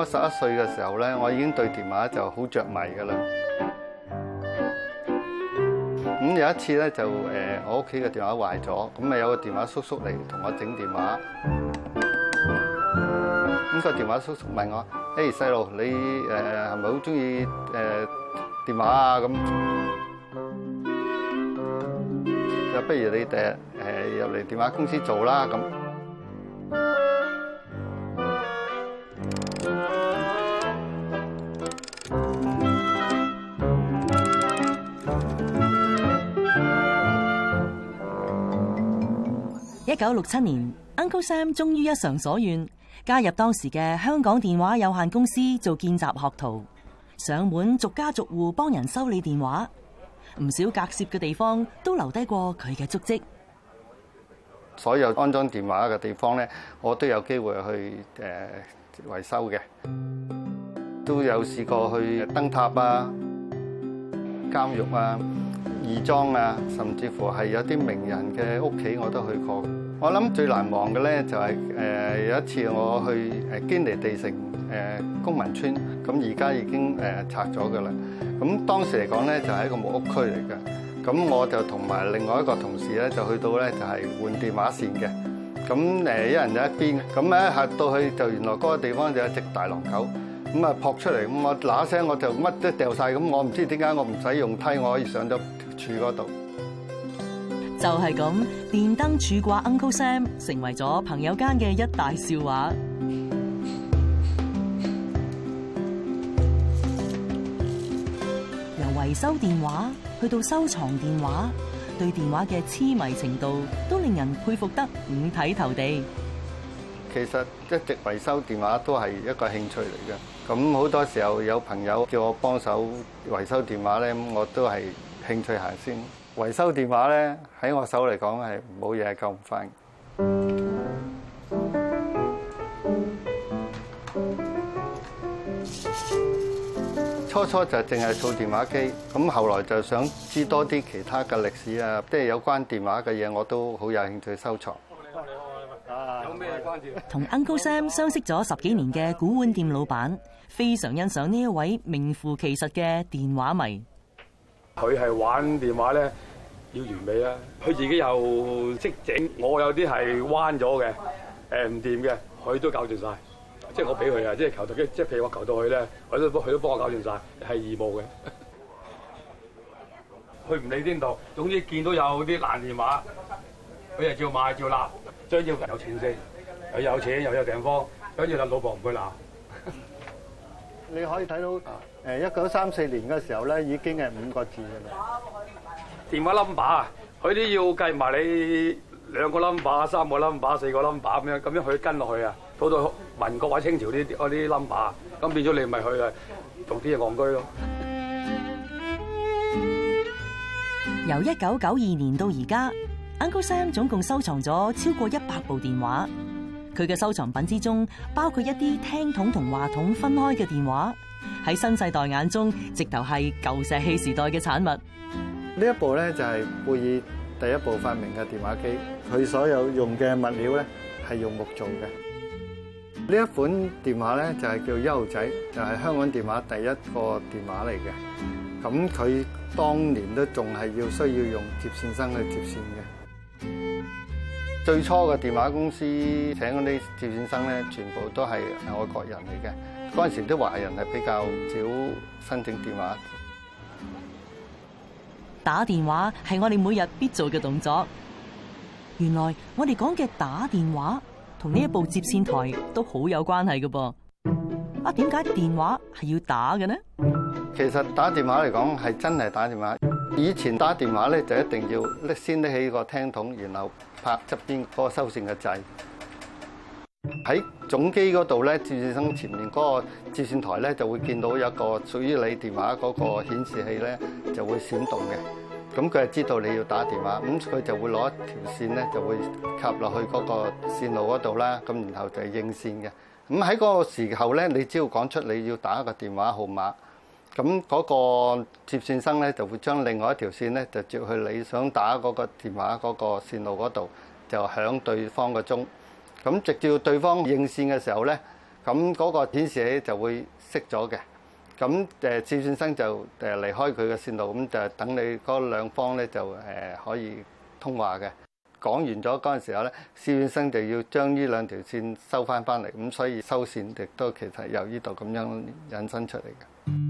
我十一歲嘅時候咧，我已經對電話就好着迷噶啦。咁有一次咧，就誒，我屋企嘅電話壞咗，咁咪有個電話叔叔嚟同我整電話。咁個電話叔叔問我：「誒，細路，你誒係咪好鍾意誒電話啊？咁，就不如你第日誒入嚟電話公司做啦？咁。一九六七年，Uncle Sam 終於一償所願，加入當時嘅香港電話有限公司做見習學徒，上門逐家逐戶幫人修理電話，唔少隔涉嘅地方都留低過佢嘅足跡。所有安裝電話嘅地方咧，我都有機會去誒、呃、維修嘅，都有試過去燈塔啊、監獄啊、義莊啊，甚至乎係有啲名人嘅屋企我都去過。我諗最難忘嘅咧就係誒有一次我去誒堅尼地城誒公民村，咁而家已經誒拆咗㗎喇。咁當時嚟講咧就係一個木屋區嚟嘅，咁我就同埋另外一個同事咧就去到咧就係換電話線嘅，咁誒一人就一邊嘅。咁咧一嚇到去就原來嗰個地方就有隻大狼狗，咁啊撲出嚟，咁我嗱嗱聲我就乜都掉曬，咁我唔知點解我唔使用梯，我可以上到柱嗰度。就係咁，電燈柱掛 Uncle Sam 成為咗朋友間嘅一大笑話。由維修電話去到收藏電話，對電話嘅痴迷程度都令人佩服得五體投地。其實一直維修電話都係一個興趣嚟嘅，咁好多時候有朋友叫我幫手維修電話咧，我都係興趣行先。維修電話咧，喺我手嚟講係冇嘢救唔翻。初初就淨係做電話機，咁後來就想知多啲其他嘅歷史啊，即係有關電話嘅嘢，我都好有興趣收藏。有咩同 Uncle Sam 相識咗十幾年嘅古玩店老闆，非常欣賞呢一位名副其實嘅電話迷。佢係玩電話咧。要完美啊佢自己又識整，我有啲係彎咗嘅，唔掂嘅，佢都搞掂曬，即係我俾佢啊！即係求到嘅，即係譬如我求到佢咧，佢都幫佢都幫我搞掂曬，係義務嘅。佢唔理邊度，總之見到有啲爛電話，佢又照買照拿。將要有錢先，又有錢又有地方，跟住佢老婆唔會鬧。你可以睇到誒一九三四年嘅時候咧，已經係五個字嘅啦。電話 number 啊，佢都要計埋你兩個 number、三個 number、四個 number 咁樣，咁樣佢跟落去啊，到到民國或者清朝啲啲 number，咁變咗你咪去啦，做啲嘢戇居咯。由一九九二年到而家 Uncle Sam 總共收藏咗超過一百部電話。佢嘅收藏品之中，包括一啲聽筒同話筒分開嘅電話。喺新世代眼中，直頭係舊石器時代嘅產物。呢一部咧就係貝爾第一部發明嘅電話機，佢所有用嘅物料咧係用木做嘅。呢一款電話咧就係叫優仔，就係、是、香港電話第一個電話嚟嘅。咁佢當年都仲係要需要用接線生去接線嘅。 最初嘅電話公司請嗰啲接線生咧，全部都係外國人嚟嘅。嗰陣時啲華人係比較少申請電話的。打電話係我哋每日必做嘅動作。原來我哋講嘅打電話同呢一部接線台都好有關係嘅噃。啊，點解電話係要打嘅呢？其實打電話嚟講係真係打電話。以前打電話咧就一定要拎先拎起個聽筒，然後拍側邊個收線嘅掣。喺總機嗰度咧，接線生前面嗰個接線台咧，就會見到有一個屬於你電話嗰個顯示器咧，就會閃動嘅。咁佢係知道你要打電話，咁佢就會攞一條線咧，就會吸落去嗰個線路嗰度啦。咁然後就係應線嘅。咁喺嗰個時候咧，你只要講出你要打一個電話號碼，咁嗰個接線生咧就會將另外一條線咧就接去你想打嗰個電話嗰個線路嗰度，就響對方個鐘。咁直至到對方應線嘅時候咧，咁嗰個顯示器就會熄咗嘅。咁誒，接線生就誒離開佢嘅線路，咁就等你嗰兩方咧就誒可以通話嘅。講完咗嗰陣時候咧，接線生就要將呢兩條線收翻翻嚟。咁所以收線亦都其實由呢度咁樣引申出嚟嘅。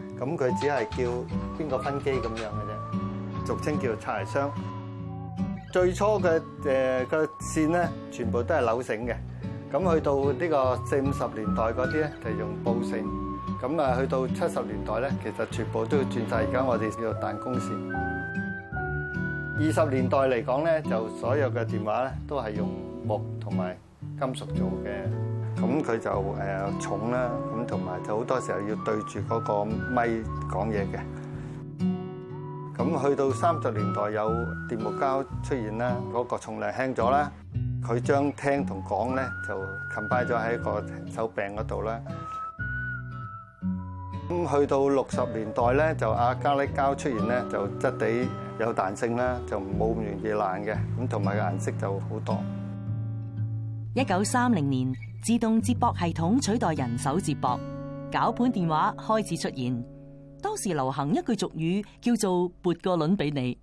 咁佢只係叫邊個分機咁樣嘅啫，俗稱叫做拆鞋箱。最初嘅誒個線咧，全部都係扭繩嘅。咁去到呢個四五十年代嗰啲咧，就用布繩。咁啊，去到七十年代咧，其實全部都要轉曬。而家我哋叫做彈弓線。二十年代嚟講咧，就所有嘅電話咧，都係用木同埋金屬做嘅。咁佢就誒重啦，咁同埋就好多時候要對住嗰個咪講嘢嘅。咁去到三十年代有電木膠出現啦，嗰個重量輕咗啦，佢將聽同講咧就近擺咗喺個手柄嗰度啦。咁去到六十年代咧，就阿咖喱膠出現咧，就質地有彈性啦，就冇咁容易爛嘅，咁同埋顏色就好多。一九三零年。自動接駁系統取代人手接駁，攪盤電話開始出現。當時流行一句俗語，叫做撥個輪俾你。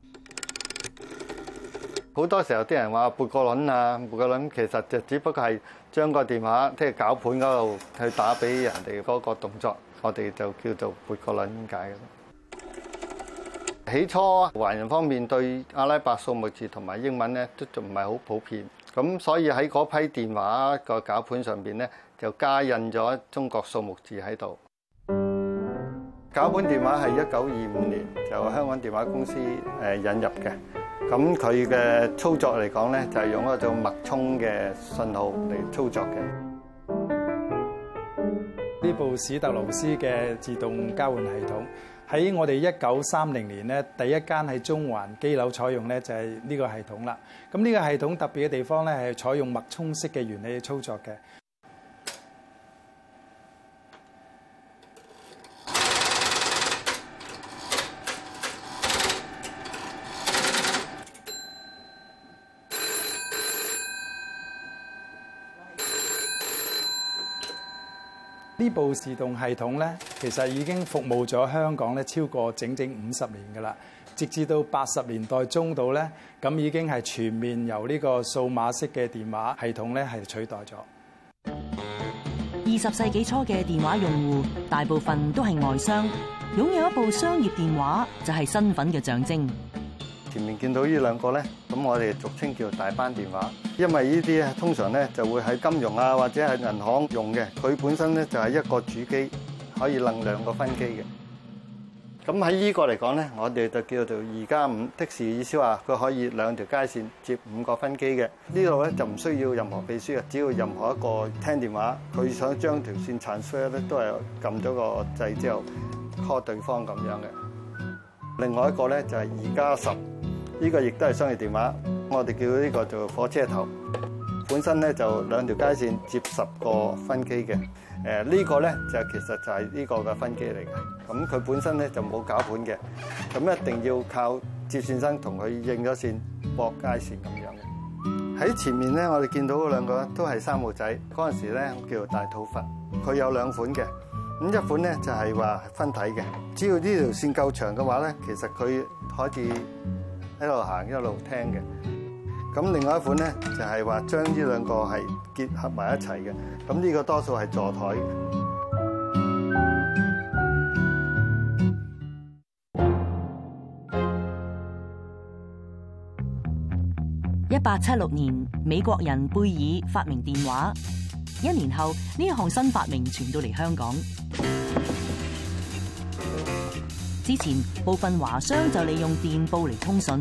好多時候啲人話撥個輪啊，撥個輪，其實就只不過係將個電話即係攪盤嗰度去打俾人哋嗰個動作，我哋就叫做撥個輪咁解嘅。起初，華人方面對阿拉伯數目字同埋英文咧，都仲唔係好普遍。咁所以喺嗰批電話個攪盤上邊咧，就加印咗中國數目字喺度。攪盤電話係一九二五年由香港電話公司誒引入嘅。咁佢嘅操作嚟講咧，就係用一種脈沖嘅信號嚟操作嘅。呢部史特勞斯嘅自動交換系統。喺我哋一九三零年咧，第一間喺中環機樓採用咧就係呢個系統啦。咁呢個系統特別嘅地方咧，係採用脈沖式嘅原理去操作嘅。呢部自動系統咧，其實已經服務咗香港咧超過整整五十年噶啦，直至到八十年代中度咧，咁已經係全面由呢個數碼式嘅電話系統咧係取代咗。二十世紀初嘅電話用戶大部分都係外商，擁有一部商業電話就係身份嘅象徵。前面見到呢兩個呢，咁我哋俗稱叫大班電話，因為呢啲通常呢就會喺金融啊或者係銀行用嘅，佢本身呢就係一個主機可以楞兩個分機嘅。咁喺依個嚟講呢，我哋就叫做二加五的士，意思話，佢可以兩條街線接五個分機嘅。呢度呢就唔需要任何秘書啊，只要任何一個聽電話，佢想將條線殘啡呢，都係撳咗個掣之後 call 對方咁樣嘅。另外一個呢，就係二加十。呢、個亦都係商業電話，我哋叫呢個做火車頭。本身咧就兩條街線接十個分機嘅。誒呢個咧就其實就係呢個嘅分機嚟嘅。咁佢本身咧就冇攪盤嘅，咁一定要靠接線生同佢應咗線駁街線咁樣嘅。喺前面咧，我哋見到嗰兩個都係三號仔嗰陣時咧，叫做大肚佛。佢有兩款嘅，咁一款咧就係話分體嘅，只要呢條線夠長嘅話咧，其實佢可以，喺度行一路聽嘅，咁另外一款咧就係話將呢兩個係結合埋一齊嘅，咁呢個多數係座台。一八七六年，美國人貝爾發明電話，一年後呢一項新發明傳到嚟香港。之前部分華商就利用電報嚟通訊，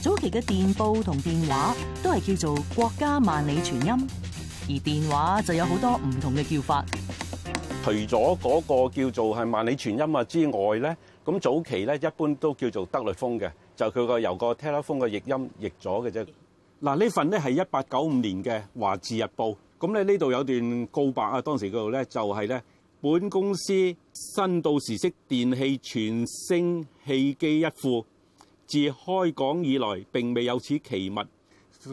早期嘅電報同電話都係叫做國家萬里傳音，而電話就有好多唔同嘅叫法。除咗嗰個叫做係萬里傳音啊，之外咧，咁早期咧一般都叫做德律風嘅，就佢個由個 telephone 嘅譯音譯咗嘅啫。嗱呢份咧係一八九五年嘅《華字日報》，咁咧呢度有段告白啊，當時嗰度咧就係咧。本公司新到時式電器全聲器機一副，自開港以來並未有此奇物。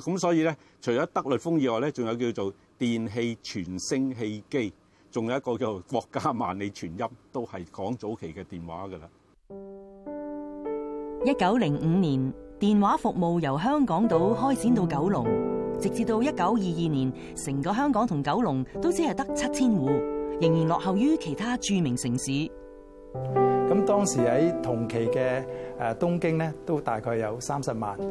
咁所以咧，除咗德律風以外咧，仲有叫做電器全聲器機，仲有一個叫做國家萬里全音，都係講早期嘅電話㗎啦。一九零五年，電話服務由香港島開展到九龍，直至到一九二二年，成個香港同九龍都只係得七千戶。仍然落後於其他著名城市。咁當時喺同期嘅誒東京咧，都大概有三十萬，誒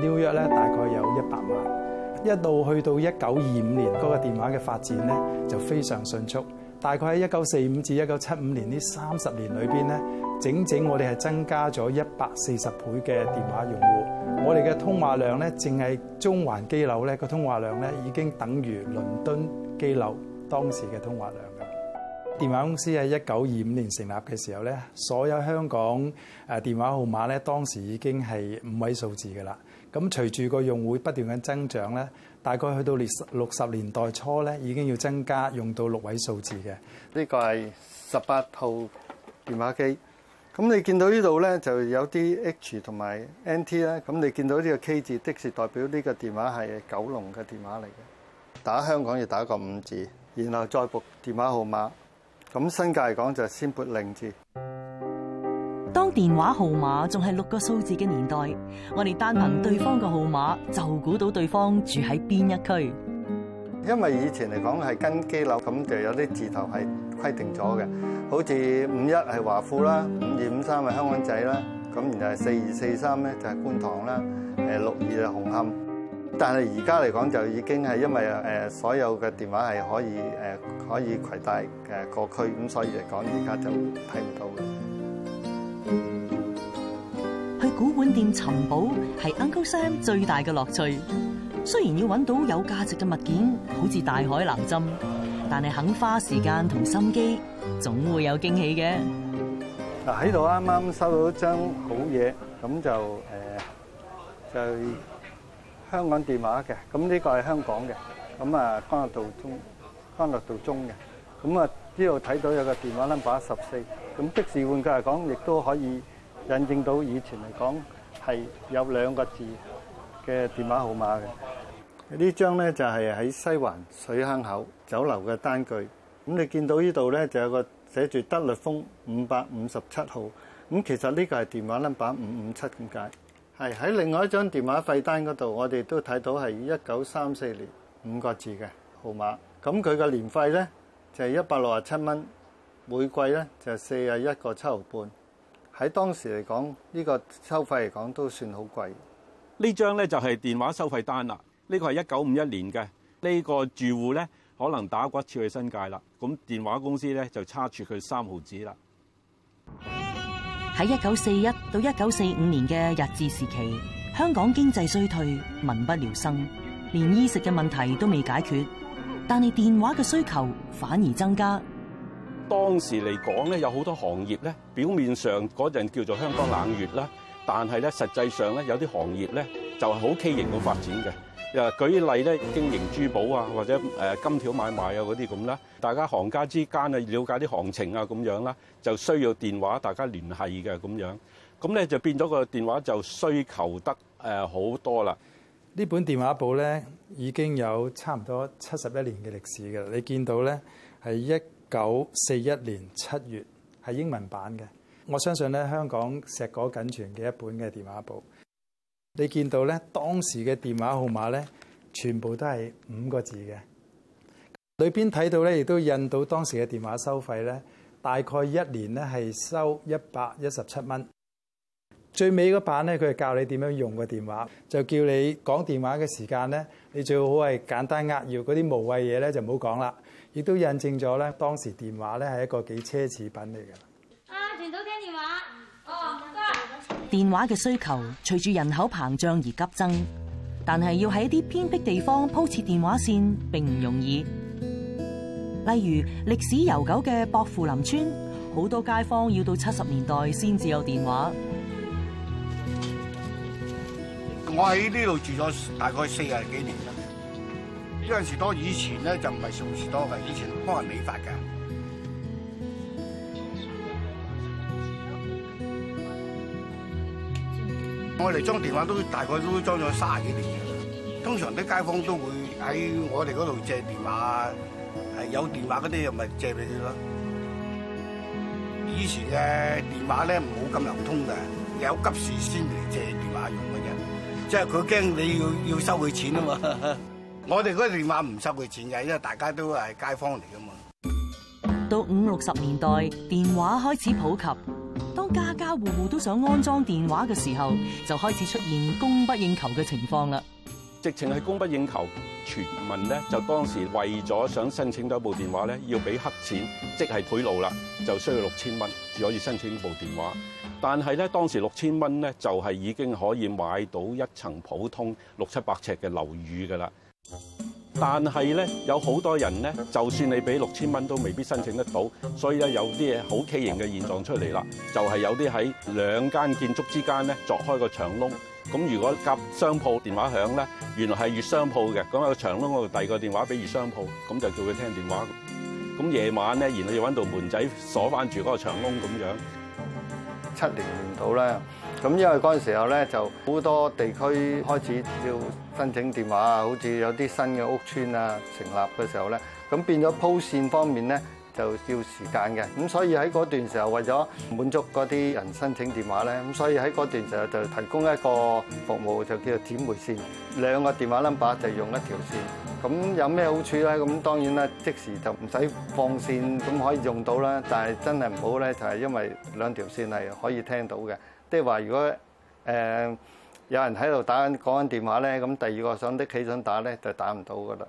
紐約咧，大概有一百萬。一到去到一九二五年，嗰個電話嘅發展咧就非常迅速。大概喺一九四五至一九七五年呢三十年裏邊咧，整整我哋係增加咗一百四十倍嘅電話用戶。我哋嘅通話量咧，正係中環機樓咧個通話量咧，已經等於倫敦機樓當時嘅通話量。電話公司喺一九二五年成立嘅時候呢，所有香港誒電話號碼咧，當時已經係五位數字噶啦。咁隨住個用戶不斷嘅增長呢，大概去到六十年代初呢，已經要增加用到六位數字嘅。呢個係十八號電話機。咁你見到呢度呢，就有啲 H 同埋 NT 啦。咁你見到呢個 K 字，的是代表呢個電話係九龍嘅電話嚟嘅。打香港要打個五字，然後再撥電話號碼。咁新界嚟講就係先撥零字。當電話號碼仲係六個數字嘅年代，我哋單憑對方嘅號碼就估到對方住喺邊一區。因為以前嚟講係跟機樓咁，就有啲字頭係規定咗嘅，好似五一係華富啦，五二五三係香港仔啦，咁然後係四二四三咧就係觀塘啦，誒六二啊紅磡。但係而家嚟講就已經係因為所有嘅電話係可以誒，可以攜帶誒過區，咁所以嚟講而家就睇唔到嘅。去古本店尋寶係 Uncle Sam 最大嘅樂趣。雖然要揾到有價值嘅物件好似大海撈針，但係肯花時間同心機，總會有驚喜嘅。嗱，喺度啱啱收到一張好嘢，咁就誒就。呃就香港電話嘅，咁呢個係香港嘅，咁啊干諾道中，干諾道中嘅，咁啊呢度睇到有個電話 number 十四，咁即使換句嚟講，亦都可以印證到以前嚟講係有兩個字嘅電話號碼嘅。這張呢張咧就係、是、喺西環水坑口酒樓嘅單據，咁你見到這裡呢度咧就有個寫住德律風五百五十七號，咁其實呢個係電話 number 五五七，點解？係喺另外一張電話費單嗰度，我哋都睇到係一九三四年五個字嘅號碼。咁佢嘅年費呢，就係一百六十七蚊，每季呢，就係四十一個七毫半。喺當時嚟講，呢、這個收費嚟講都算好貴。呢張呢，就係、是、電話收費單啦。呢、這個係一九五一年嘅，呢、這個住戶呢，可能打骨刺去新界啦。咁電話公司呢，就差住佢三毫紙啦。喺一九四一到一九四五年嘅日治時期，香港經濟衰退，民不聊生，連衣食嘅問題都未解決，但係電話嘅需求反而增加。當時嚟講咧，有好多行業咧，表面上嗰陣叫做香港冷月啦，但係咧實際上咧，有啲行業咧就係好畸形嘅發展嘅。誒舉例咧，經營珠寶啊，或者誒金條買賣啊嗰啲咁啦，大家行家之間啊，了解啲行情啊咁樣啦，就需要電話大家聯繫嘅咁樣，咁咧就變咗個電話就需求得誒好多啦。呢本電話簿咧已經有差唔多七十一年嘅歷史嘅，你見到咧係一九四一年七月係英文版嘅，我相信咧香港碩果僅存嘅一本嘅電話簿。你見到咧，當時嘅電話號碼咧，全部都係五個字嘅。裏邊睇到咧，亦都印到當時嘅電話收費咧，大概一年咧係收一百一十七蚊。最尾嗰版咧，佢係教你點樣用個電話，就叫你講電話嘅時間咧，你最好係簡單扼要，嗰啲無謂嘢咧就唔好講啦。亦都印證咗咧，當時電話咧係一個幾奢侈品嚟嘅。啊，全都聽電話。電話嘅需求隨住人口膨脹而急增，但係要喺啲偏僻地方鋪設電話線並唔容易。例如歷史悠久嘅薄扶林村，好多街坊要到七十年代先至有電話。我喺呢度住咗大概四十幾年啦，呢陣時多以前咧就唔係熟時多嘅，以前幫人理髮嘅。我哋裝電話都大概都裝咗三十幾年，通常啲街坊都會喺我哋嗰度借電話，有電話嗰啲又咪借俾佢咯。以前嘅電話咧唔好咁流通嘅，有急事先嚟借電話用嘅啫，即係佢驚你要要收佢錢啊嘛。我哋嗰個電話唔收佢錢嘅，因為大家都係街坊嚟噶嘛。到五六十年代，電話開始普及。當家家戶戶都想安裝電話嘅時候，就開始出現供不應求嘅情況啦。直情係供不應求，傳聞咧，就當時為咗想申請到一部電話咧，要俾黑錢，即係賄賂啦，就需要六千蚊至可以申請部電話。但係咧，當時六千蚊咧就係、是、已經可以買到一層普通六七百尺嘅樓宇噶啦。但係咧，有好多人咧，就算你俾六千蚊都未必申請得到，所以咧有啲嘢好畸形嘅現狀出嚟啦，就係、是、有啲喺兩間建築之間咧鑿開個牆窿，咁如果甲商鋪電話響咧，原來係乙商鋪嘅，咁、那個牆窿我哋第二個電話俾乙商鋪，咁就叫佢聽電話。咁夜晚咧，然後要揾度門仔鎖翻住嗰個牆窿咁樣，七零年到啦。咁因為嗰陣時候咧，就好多地區開始要申請電話啊，好似有啲新嘅屋村啊成立嘅時候咧，咁變咗鋪線方面咧，就要時間嘅。咁所以喺嗰段時候，為咗滿足嗰啲人申請電話咧，咁所以喺嗰段時候就提供一個服務，就叫做姊妹線，兩個電話 number 就用一條線。咁有咩好處咧？咁當然啦，即時就唔使放線，咁可以用到啦。但係真係唔好咧，就係因為兩條線係可以聽到嘅。即係話，如果誒有人喺度打緊講緊電話咧，咁第二個想的起想打咧，就打唔到噶啦。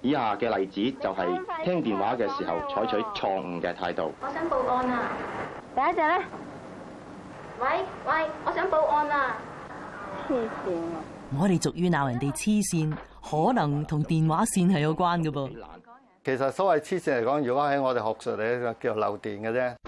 以下嘅例子就係聽電話嘅時候採取錯誤嘅態度。我想報案啊！第一隻咧，喂喂，我想報案啊！黐線！我哋俗語鬧人哋黐線，可能同電話線係有關噶噃。其實所謂黐線嚟講，如果喺我哋學術嚟講，叫漏電嘅啫。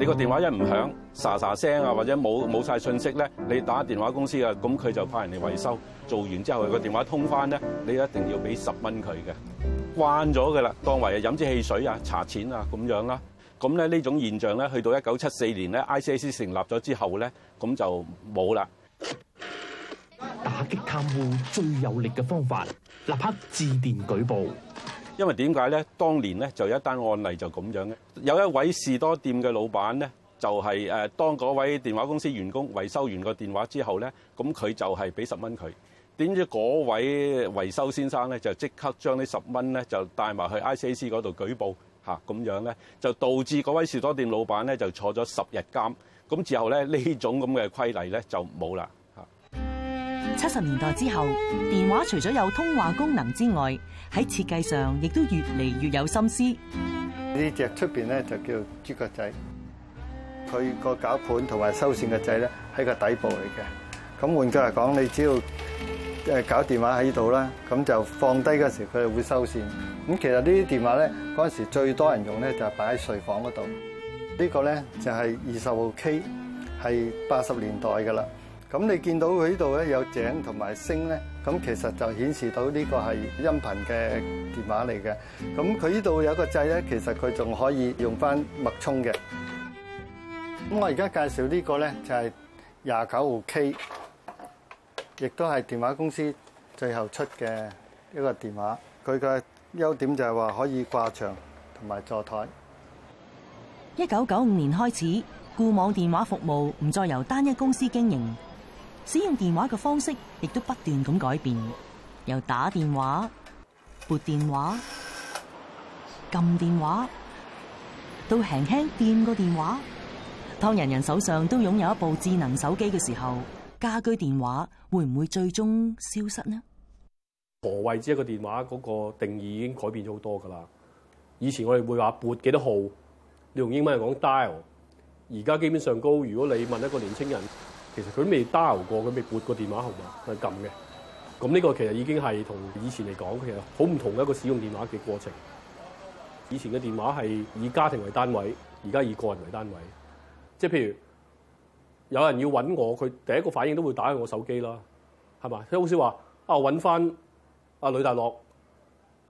你個電話一唔響，沙沙聲啊，或者冇冇曬信息咧，你打電話公司啊，咁佢就派人嚟維修。做完之後個電話通翻咧，你一定要俾十蚊佢嘅。關咗㗎啦，當為啊飲支汽水啊、茶錢啊咁樣啦。咁咧呢種現象咧，去到一九七四年咧，ICAC 成立咗之後咧，咁就冇啦。打擊貪污最有力嘅方法，立刻致電舉報。因為點解咧？當年咧就有一單案例就咁樣嘅，有一位士多店嘅老闆咧就係誒當嗰位電話公司員工維修完個電話之後咧，咁佢就係俾十蚊佢。點知嗰位維修先生咧就即刻將呢十蚊咧就帶埋去 ICAC 嗰度舉報吓咁樣咧，就導致嗰位士多店老闆咧就坐咗十日監。咁之後咧呢種咁嘅規例咧就冇啦。七十年代之後，電話除咗有通話功能之外，喺設計上亦都越嚟越有心思。呢隻出邊咧就叫豬腳仔，佢個攪盤同埋收線嘅掣咧喺個底部嚟嘅。咁換句嚟講，你只要誒攪電話喺度啦，咁就放低嗰時佢就會收線。咁其實呢啲電話咧嗰陣時最多人用咧就係擺喺睡房嗰度。呢個咧就係二十號 K，係八十年代噶啦。咁你見到佢呢度咧有井同埋星咧，咁其實就顯示到呢個係音頻嘅電話嚟嘅。咁佢呢度有個掣咧，其實佢仲可以用翻脈衝嘅。咁我而家介紹呢個咧就係廿九號 K，亦都係電話公司最後出嘅一個電話。佢嘅優點就係話可以掛牆同埋座台。一九九五年開始，固網電話服務唔再由單一公司經營。使用電話嘅方式亦都不斷咁改變，由打電話、撥電話、撳電話，到輕輕掂個電話。當人人手上都擁有一部智能手機嘅時候，家居電話會唔會最終消失呢？何謂之一個電話嗰個定義已經改變咗好多噶啦。以前我哋會話撥幾多號，你用英文嚟講 dial。而家基本上，高如果你問一個年輕人。其實佢都未 dial 過，佢未撥過電話號碼佢係撳嘅。咁呢個其實已經係同以前嚟講，其實好唔同嘅一個使用電話嘅過程。以前嘅電話係以家庭為單位，而家以個人為單位。即係譬如有人要揾我，佢第一個反應都會打去我手機啦，係嘛？即係好似話啊揾翻阿呂大樂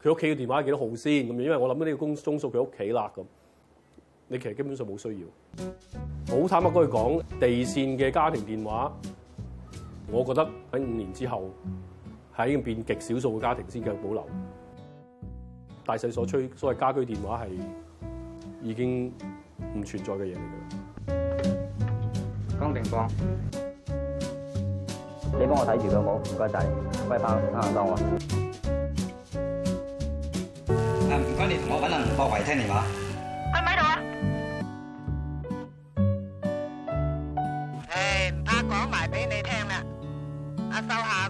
佢屋企嘅電話係幾多號先咁，因為我諗緊呢個公中數佢屋企啦咁。你其實根本上冇需要，好坦白講，地線嘅家庭電話，我覺得喺五年之後，係已經變極少數嘅家庭先繼續保留。大勢所趨，所謂家居電話係已經唔存在嘅嘢嚟㗎啦。江定邦，幫你幫我睇住佢好唔該曬，唔包撐下檔喎。誒唔該，你同我揾下博維聽電話。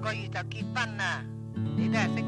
個月就結婚啦！你都係識。